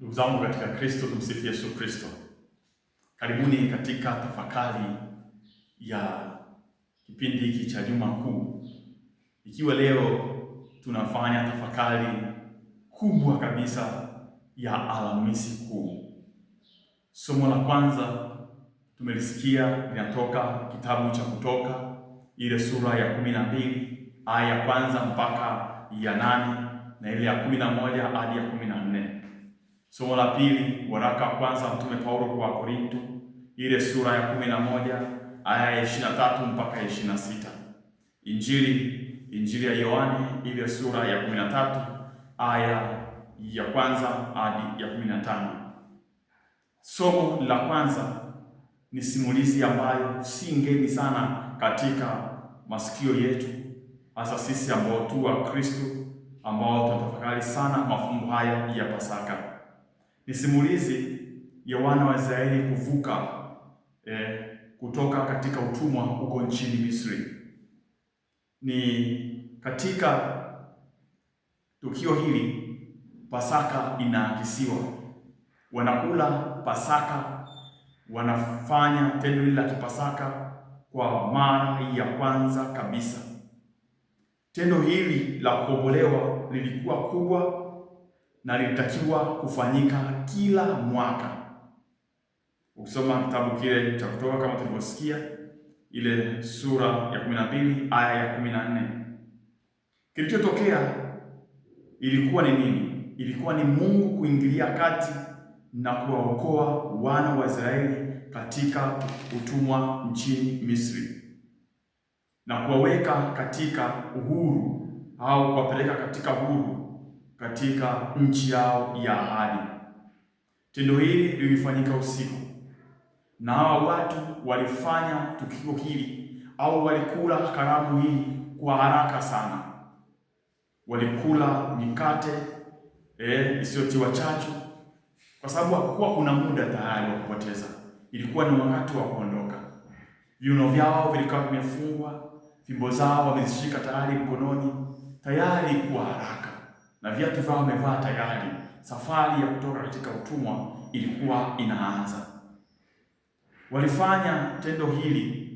Ndugu zangu katika Kristo, tumsifu Yesu Kristo. Karibuni katika tafakari ya kipindi hiki cha Juma Kuu, ikiwa leo tunafanya tafakari kubwa kabisa ya Alhamisi Kuu. Somo la kwanza tumelisikia linatoka kitabu cha Kutoka, ile sura ya kumi na mbili aya ya kwanza mpaka ya nane na ile ya kumi na moja hadi ya kumi na Somo la pili, waraka wa kwanza Mtume Paulo kwa Korinto, ile sura ya kumi na moja aya ya ishirini na tatu mpaka ishirini na sita. Injili Injili ya Yohane ile sura ya kumi na tatu aya ya kwanza hadi ya kumi na tano. Somo la kwanza ni simulizi ambayo si ngeni sana katika masikio yetu, hasa sisi ambao tu wa Kristo ambao tunatafakari sana mafumbo haya ya Pasaka ni simulizi ya wana wa Israeli kuvuka eh, kutoka katika utumwa huko nchini Misri. Ni katika tukio hili Pasaka inaakisiwa, wanakula Pasaka, wanafanya tendo hili la kipasaka kwa mara ya kwanza kabisa. Tendo hili la kukombolewa lilikuwa kubwa na lilitakiwa kufanyika kila mwaka. Ukisoma kitabu kile cha Kutoka kama tulivyosikia, ile sura ya 12 aya ya 14, kilichotokea ilikuwa ni nini? Ilikuwa ni Mungu kuingilia kati na kuwaokoa wana wa Israeli katika utumwa nchini Misri na kuwaweka katika uhuru au kuwapeleka katika uhuru katika nchi yao ya ahadi. Tendo hili lilifanyika usiku, na hawa watu walifanya tukio hili au walikula karamu hii kwa haraka sana. Walikula mikate eh, isiyotiwa chachu, kwa sababu hakukuwa kuna muda tayari wa kupoteza, ilikuwa ni wakati wa kuondoka. Viuno vyao vilikuwa vimefungwa, fimbo zao wamezishika tayari mkononi, tayari kwa haraka na viatu vyao wamevaa tayari. Safari ya kutoka katika utumwa ilikuwa inaanza. Walifanya tendo hili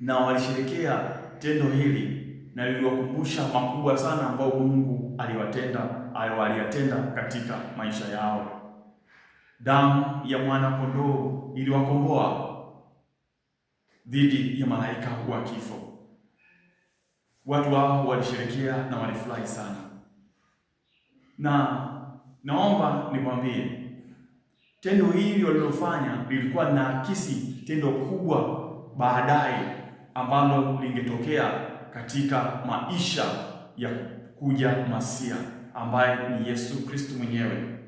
na walisherekea tendo hili na liliwakumbusha makubwa sana ambayo Mungu aliwatenda aliyatenda katika maisha yao. Damu ya mwana kondoo iliwakomboa dhidi ya malaika wa kifo. Watu wao walisherekea na walifurahi sana na naomba nikwambie tendo hili walilofanya lilikuwa na akisi tendo kubwa baadaye ambalo lingetokea katika maisha ya kuja Masia ambaye ni Yesu Kristo mwenyewe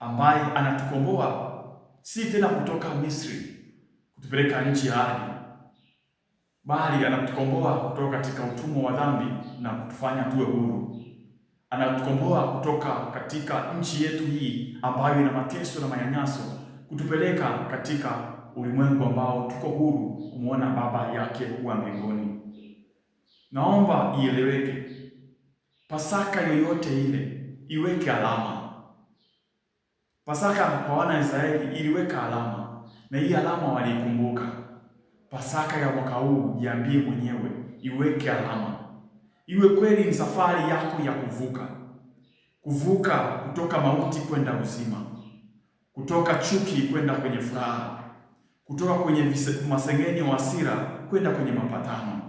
ambaye anatukomboa si tena kutoka Misri kutupeleka nchi ya ahadi, bali anatukomboa kutoka katika utumwa wa dhambi na kutufanya tuwe huru anatukomboa kutoka katika nchi yetu hii ambayo ina mateso na manyanyaso, kutupeleka katika ulimwengu ambao tuko huru kumwona Baba yake wa mbinguni. Naomba ieleweke, Pasaka yoyote ile iweke alama. Pasaka kwa wana Israeli iliweka alama, na hii alama waliikumbuka. Pasaka ya mwaka huu, jiambie mwenyewe, iweke alama iwe kweli ni safari yako ya kuvuka, kuvuka kutoka mauti kwenda uzima, kutoka chuki kwenda kwenye furaha, kutoka kwenye masengenyo wa hasira kwenda kwenye mapatano,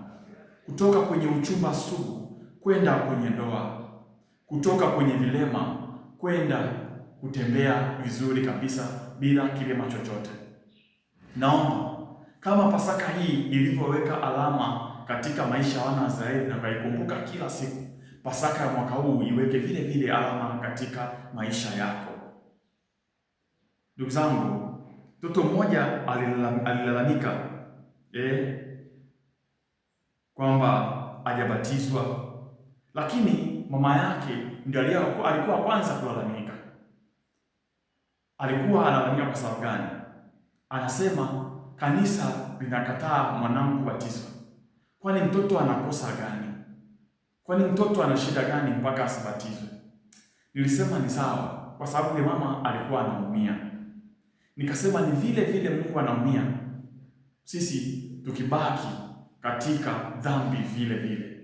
kutoka kwenye uchumba sugu kwenda kwenye ndoa, kutoka kwenye vilema kwenda kutembea vizuri kabisa bila kilema chochote. Naomba kama Pasaka hii ilivyoweka alama katika maisha wana Israeli na kaikumbuka kila siku. Pasaka ya mwaka huu iweke vile vile alama katika maisha yako. Ndugu zangu, mtoto mmoja alilalamika eh, kwamba hajabatizwa, lakini mama yake ndio alikuwa kwanza kulalamika. Alikuwa analalamika kwa sababu gani? Anasema kanisa linakataa mwanangu kubatizwa. Kwani mtoto anakosa gani? Kwani mtoto ana shida gani mpaka asibatizwe? Nilisema ni sawa, kwa sababu ni mama alikuwa anaumia. Nikasema ni vile vile Mungu anaumia, sisi tukibaki katika dhambi vile vile,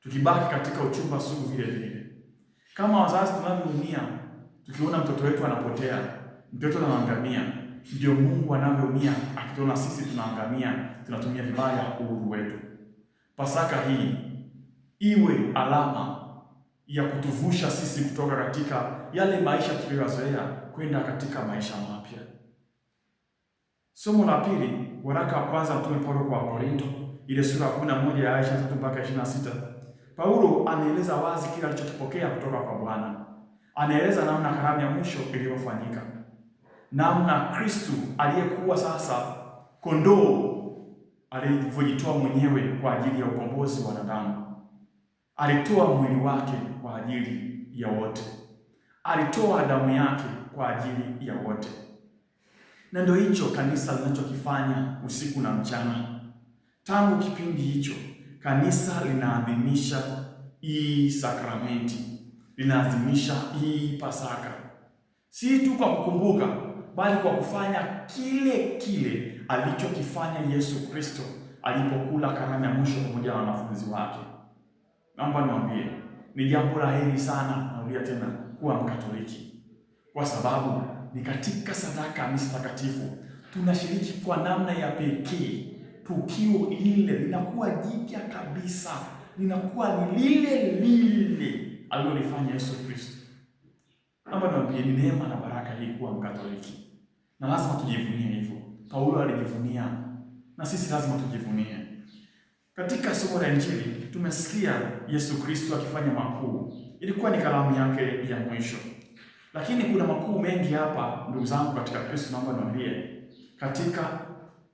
tukibaki katika uchumba sugu vile vile. Kama wazazi tunavyoumia tukiona mtoto wetu anapotea, mtoto anaangamia, ndio Mungu anavyoumia akituona sisi tunaangamia, tunatumia vibaya uhuru wetu. Pasaka hii iwe alama ya kutuvusha sisi kutoka katika yale maisha tuliyozoea kwenda katika maisha mapya. Somo la pili, waraka wa kwanza mtume Paulo kwa Korinto, ile sura ya 11 ya aya mpaka sita. Paulo anaeleza wazi kila alichokipokea kutoka kwa Bwana. Anaeleza namna karamu ya mwisho ilivyofanyika, namna Kristu aliyekuwa sasa kondoo alivyojitoa mwenyewe kwa ajili ya ukombozi wa wanadamu. Alitoa mwili wake kwa ajili ya wote, alitoa damu yake kwa ajili ya wote, na ndio hicho kanisa linachokifanya usiku na mchana. Tangu kipindi hicho, kanisa linaadhimisha hii sakramenti, linaadhimisha hii Pasaka, si tu kwa kukumbuka, bali kwa kufanya kile kile alichokifanya Yesu Kristo alipokula karamu ya mwisho pamoja na wanafunzi wake. Naomba niwaambie, ni jambo la heri sana, naambia tena, kuwa Mkatoliki, kwa sababu ni katika sadaka ya misa takatifu tunashiriki kwa namna ya pekee. Tukio lile linakuwa jipya kabisa, linakuwa ni lile lile alilolifanya Yesu Kristo. Naomba niwaambie, ni neema na baraka hii kuwa Mkatoliki, na lazima tujivunie hivyo. Paulo alijivunia na sisi lazima tujivunie. Katika somo la Injili tumesikia Yesu Kristo akifanya makuu. Ilikuwa ni kalamu yake ya mwisho, lakini kuna makuu mengi hapa, ndugu zangu katika Kristo. Naomba niwaambie, katika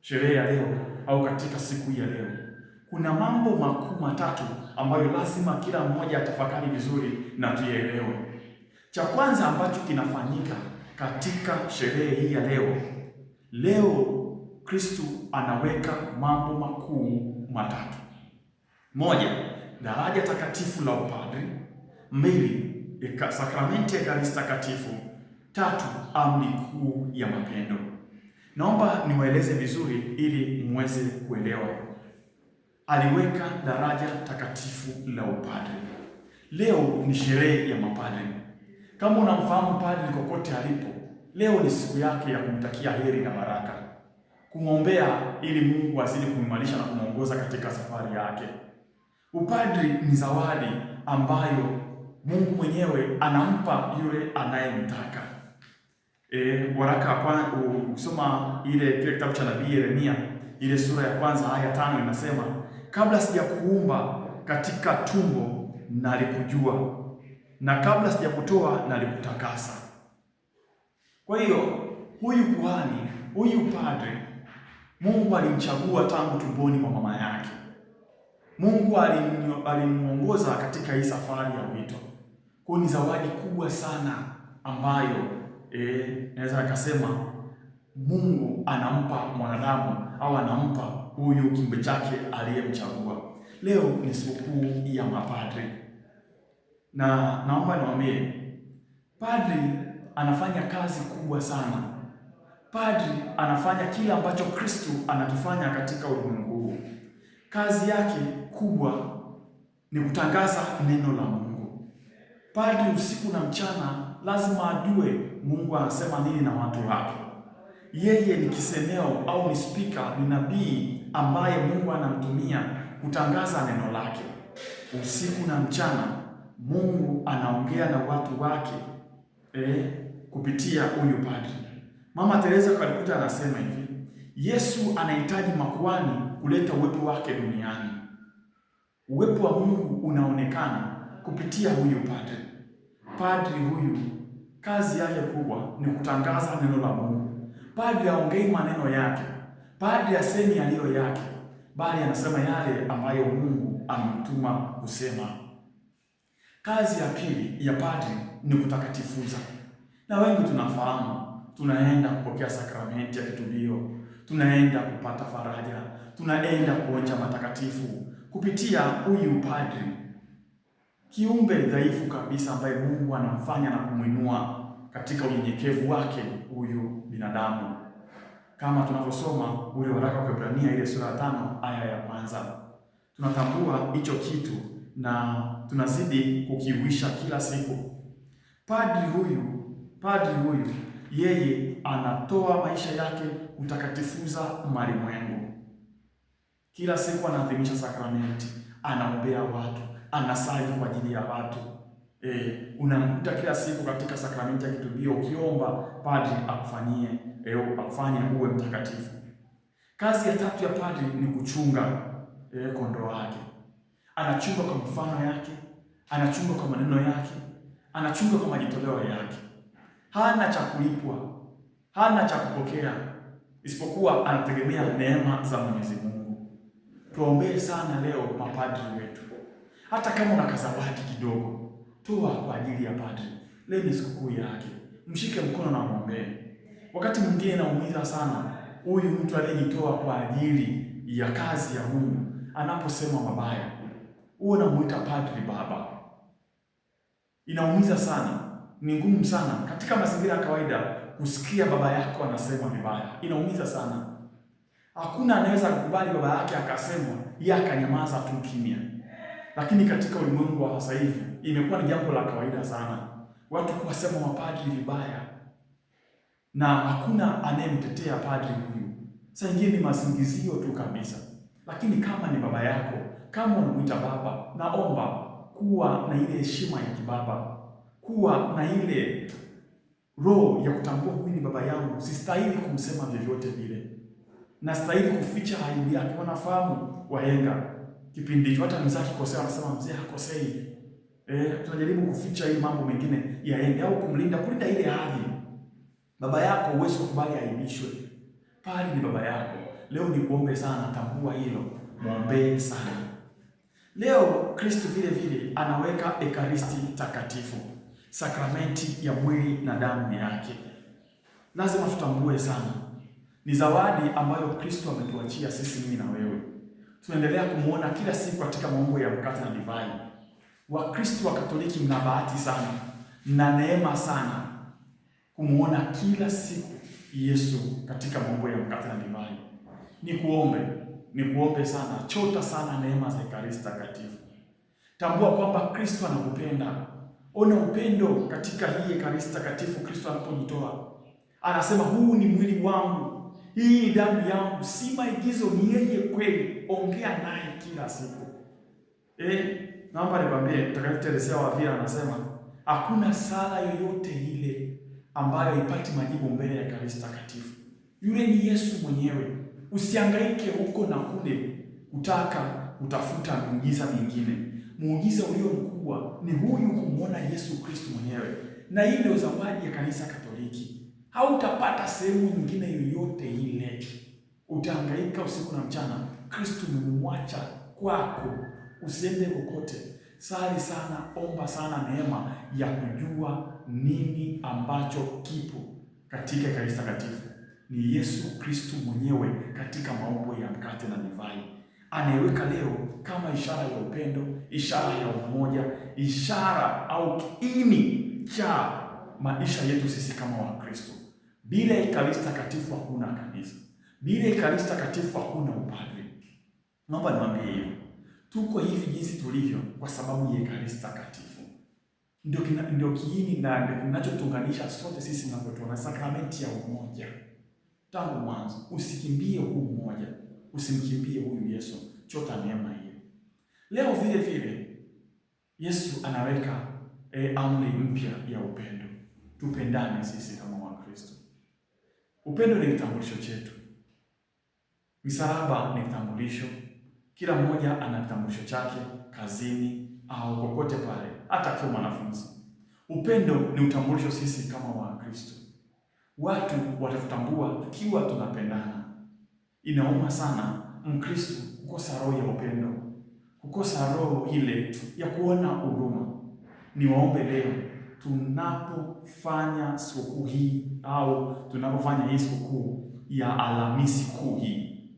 sherehe ya leo au katika siku hii ya leo kuna mambo makuu matatu ambayo lazima kila mmoja atafakari vizuri na tuyaelewe. Cha kwanza ambacho kinafanyika katika sherehe hii ya leo Leo Kristu anaweka mambo makuu matatu: moja, daraja takatifu la upadri; mbili, sakramenti ya Ekaristi Takatifu; tatu, amri kuu ya mapendo. Naomba niwaeleze vizuri ili muweze kuelewa. Aliweka daraja takatifu la upadri. Leo ni sherehe ya mapadri. Kama unamfahamu padri kokote alipo Leo ni siku yake ya kumtakia heri na baraka, kumwombea ili Mungu azidi kumwimarisha na kumwongoza katika safari yake. Upadri ni zawadi ambayo Mungu mwenyewe anampa yule anayemtaka. E, waraka kwa kusoma ile kile kitabu cha nabii Yeremia ile sura ya kwanza aya tano inasema, kabla sijakuumba katika tumbo nalikujua, na kabla sijakutoa nalikutakasa. Kwa hiyo huyu kuhani, huyu padre, Mungu alimchagua tangu tumboni mwa mama yake. Mungu alimuongoza katika hii safari ya wito. Kwa ni zawadi kubwa sana ambayo eh, naweza nikasema Mungu anampa mwanadamu au anampa huyu kimbe chake aliyemchagua. Leo ni sikukuu ya mapadre, na naomba niwaambie padre anafanya kazi kubwa sana. Padri anafanya kila ambacho Kristu anakifanya katika ulimwengu huu. Kazi yake kubwa ni kutangaza neno la Mungu. Padri usiku na mchana lazima ajue Mungu anasema nini na watu wake. Yeye ni kisemeo au ni spika, ni nabii ambaye Mungu anamtumia kutangaza neno lake. Usiku na mchana Mungu anaongea na watu wake eh? kupitia huyu padri. Mama Teresa Kalikuta anasema hivi, Yesu anahitaji makuhani kuleta uwepo wake duniani. Uwepo wa Mungu unaonekana kupitia huyu padri. Padri huyu kazi yake kubwa ni kutangaza neno la Mungu. Padri aongei maneno yake, padri asemi yaliyo yake, bali anasema yale ambayo Mungu amemtuma kusema. Kazi ya pili ya padri ni kutakatifuza na wengi tunafahamu, tunaenda kupokea sakramenti ya kitubio, tunaenda kupata faraja, tunaenda kuonja matakatifu kupitia huyu padri, kiumbe dhaifu kabisa, ambaye Mungu anamfanya na kumwinua katika unyenyekevu wake huyu binadamu, kama tunavyosoma ule waraka wa Waebrania ile sura ya tano aya ya kwanza. Tunatambua hicho kitu na tunazidi kukiwisha kila siku. Padri huyu padri huyu yeye anatoa maisha yake kutakatifuza malimwengu. Kila siku anaadhimisha sakramenti, anaombea watu, anasali kwa ajili ya watu. E, unamkuta kila siku katika sakramenti ya kitubio ukiomba padri akufanyie e, akufanye uwe mtakatifu. Kazi ya tatu ya padri ni kuchunga e, kondoo wake. Anachunga kwa mfano yake, anachunga kwa maneno yake, anachunga kwa majitoleo yake hana cha kulipwa, hana cha kupokea, isipokuwa anategemea neema za Mwenyezi Mungu. Tuombee sana leo mapadri wetu, hata kama una kasabati kidogo, toa kwa ajili ya padri. Leo ni sikukuu yake, mshike mkono na mwombee. Wakati mwingine naumiza sana huyu mtu aliyejitoa kwa ajili ya kazi ya Mungu, anaposema mabaya, uwe unamuita padri baba, inaumiza sana ni ngumu sana katika mazingira ya kawaida kusikia baba yako anasema vibaya, inaumiza sana. Hakuna anaweza kukubali baba yake akasemwa, yeye akanyamaza tu kimya. Lakini katika ulimwengu wa sasa hivi imekuwa ni jambo la kawaida sana watu kuwasema mapadri vibaya, na hakuna anayemtetea padri huyu. Saa ingine ni masingizio tu kabisa. Lakini kama ni baba yako, kama unamwita baba, naomba kuwa na ile heshima ya kibaba kuwa na ile roho ya kutambua huyu ni baba yangu, sistahili kumsema vyovyote vile, na stahili kuficha aibu yake. Wanafahamu wahenga kipindi hicho, hata mzee akikosea anasema mzee hakosei. Eh, tunajaribu kuficha hii mambo mengine yaende, au kumlinda, kulinda ile hadhi. Baba yako huwezi kukubali aibishwe, pale ni baba yako. Leo ni kuombe sana, tambua hilo, mwombee sana. Leo Kristo vile vile anaweka ekaristi takatifu sakramenti ya mwili na damu yake. Lazima tutambue sana, ni zawadi ambayo Kristo ametuachia sisi, mimi na wewe. Tunaendelea kumwona kila siku katika maumbo ya mkate na divai. Wakristo wa Katoliki mna bahati sana na neema sana kumwona kila siku Yesu katika maumbo ya mkate na divai. Ni kuombe ni kuombe sana, chota sana neema za Ekaristi Takatifu. Tambua kwamba Kristo anakupenda Ona upendo katika hii Ekaristi Takatifu. Kristo anapojitoa anasema, huu ni mwili wangu, hii ni damu yangu, si maigizo, ni yeye kweli. Ongea naye kila siku. Eh, naomba nikwambie, Mtakatifu Teresa wa Avila anasema hakuna sala yoyote ile ambayo ipati majibu mbele ya Ekaristi Takatifu. Yule ni Yesu mwenyewe. usiangaike huko na kule kutaka kutafuta miujiza mingine muujiza ulio mkubwa ni huyu kumwona Yesu Kristo mwenyewe, na hii ndio zawadi ya kanisa Katoliki. Hautapata sehemu nyingine yoyote ile, utahangaika usiku na mchana. Kristo umemwacha kwako, usiende kokote. Sali sana, omba sana neema ya kujua nini ambacho kipo katika kanisa takatifu. Ni Yesu Kristo mwenyewe katika maumbo ya mkate na divai anaiweka leo kama ishara ya upendo, ishara ya umoja, ishara au kiini cha maisha yetu sisi kama Wakristo. Bila Ekaristi Takatifu hakuna kanisa, bila Ekaristi Takatifu hakuna upadre. Naomba niwaambie hiyo tuko hivi jinsi tulivyo kwa sababu ya Ekaristi Takatifu. Ndio ndio kiini na ndio kinachotuunganisha sote sisi, na sakramenti ya umoja tangu mwanzo. Usikimbie huu umoja usimkimbie huyu Yesu, chota neema hiyo. Leo vile vile Yesu anaweka e, amri mpya ya upendo, tupendane sisi kama Wakristo. Upendo ni kitambulisho chetu, misalaba ni kitambulisho, kila mmoja ana kitambulisho chake kazini au kokote pale, hata akiwa mwanafunzi. Upendo ni utambulisho sisi kama Wakristo, watu watatutambua tukiwa tunapendana. Inauma sana Mkristo kukosa roho ya upendo, kukosa roho ile ya kuona huruma. Niwaombe leo tunapofanya sikukuu hii au tunapofanya hii sikukuu ya Alhamisi Kuu hii,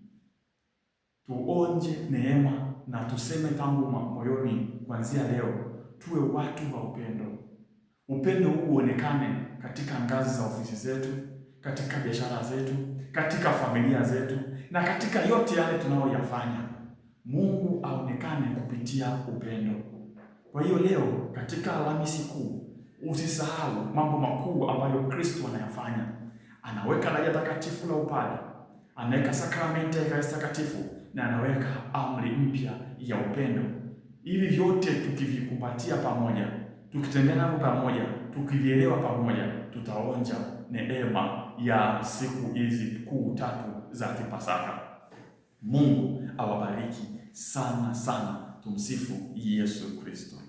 tuonje neema na tuseme tangu moyoni, kuanzia leo tuwe watu wa upendo. Upendo huu uonekane katika ngazi za ofisi zetu, katika biashara zetu, katika familia zetu na katika yote yale tunayoyafanya Mungu aonekane kupitia upendo. Kwa hiyo leo katika Alhamisi Kuu usisahau mambo makuu ambayo Kristo anayafanya. Anaweka daraja takatifu la upale anaweka sakramenti ya Ekaristi takatifu na anaweka amri mpya ya upendo. Hivi vyote tukivikumbatia pamoja, tukitembea navyo pamoja, tukivielewa pamoja, tutaonja neema ya siku hizi kuu tatu zati pasaka. Mungu awabariki sana sana. Tumsifu Yesu Kristo.